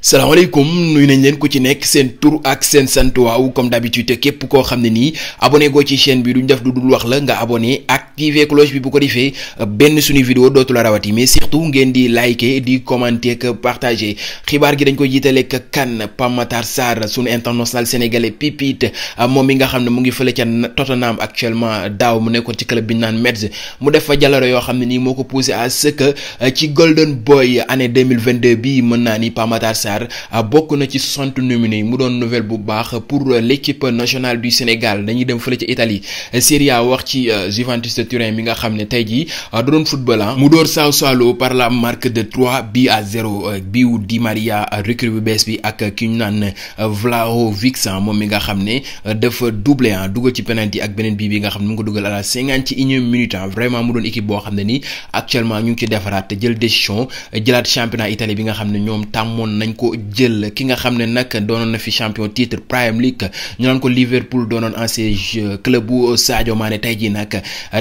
salaamaaleykum nuyu nañ leen ku ci nekk seen tur ak seen sant waaw comme d'habitude képp koo xam ne nii abonné goo ci chaîne bi duñ def lu dul wax la nga abonné activé cloche bi bu ko defee benn suñu vidéo dootu la rawati mais surtout ngeen di liker di commenter ak partager xibaar gi dañ ko jiitale ak kan Pape Matar Sarr suñu international sénégalais pipit moom mi nga xam ne mu ngi fële ca Tottenham actuellement daaw mu nekkoon ci club bi naan Metz mu def fa jaloore yoo xam ne nii moo ko poussé à ce que ci Golden Boy année 2022 bi mën naa ni Pape Matar Sarr Sarr ah, bokk na ci sant yi mu doon nouvelle bu baax pour euh, l'équipe nationale du Sénégal dañuy dem fële ca Italie euh, Serie A wax ci euh, Juventus Turin mi nga xam ne tey jii ah, da doon football ah. mu door Sassuolo par la marque de 3 bi à 0 biwu Di Maria recrue bu bees bi ak ki ñu naan Vlahovic moom mi nga xam ne dafa doublé dugal ci penalty ak beneen bii bi nga xam ne mu ngi ko dugal à la cinquante et unième vraiment mu doon équipe boo xam ne ni actuellement ko jël ki nga xam ne nag doonoon na fi champion titre Premier League ñu naan ko Liverpool doonoon ancien club bu Sadio Mané tey jii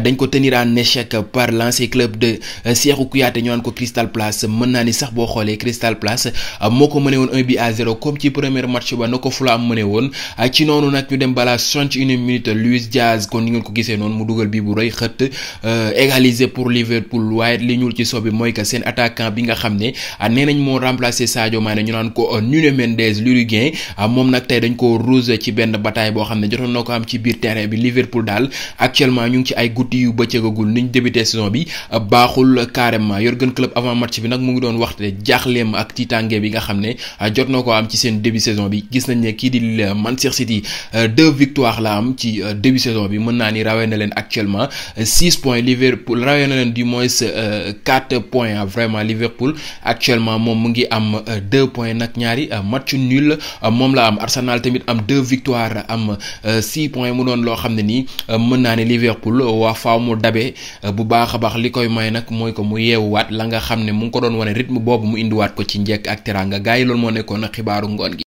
dañ ko tenir en échec par l'ancien club de Cheikhou Kouyaté ñu naan ko Crystal Palace mën naa ni sax boo xoolee Crystal Palace moo ko mëne woon 1 comme ci premier match ba na ko Fulham mëne woon ci noonu nag ñu dem balaa soixante et minute Luis Diaz kon ni ngeen ko gisee noonu mu dugal bii bu rëy euh, li ñuul ci ñu naan ko euh, Nuno Mendes l'Uruguayen euh, moom nag tey dañ ko rose ci benn bataay boo xam ne jotoon na ko am ci biir terrain bi Liverpool daal actuellement ñu ngi ci ay guddi yu bëccëgagul niñ débuté saison bi euh, baaxul carrément Jürgen Klopp avant match bi nag mu ngi doon waxte jaaxleem ak tiitange bi nga xam ne jot na ko am ci seen début saison bi gis nañ ne kii di man Manchester City deux victoires la am ci début saison bi mën naa ni rawee na leen actuellement six points Liverpool rawee na leen du moins quatre points vraiment Liverpool actuellement moom mu ngi am deux point nag ñaari euh, match nul euh, moom la am Arsenal tamit am deux victoires am euh, six points mu doon loo xam ne nii mën naa ne Liverpool waa faaw mu dabe bu baax a baax li koy may nag mooy ko mu yeewuwaat la nga xam ne mu ngi ko doon wane rythme boobu mu indiwaat ko ci njekk ak teraanga gars yi loolu moo nekkoon xibaaru ngoon gi.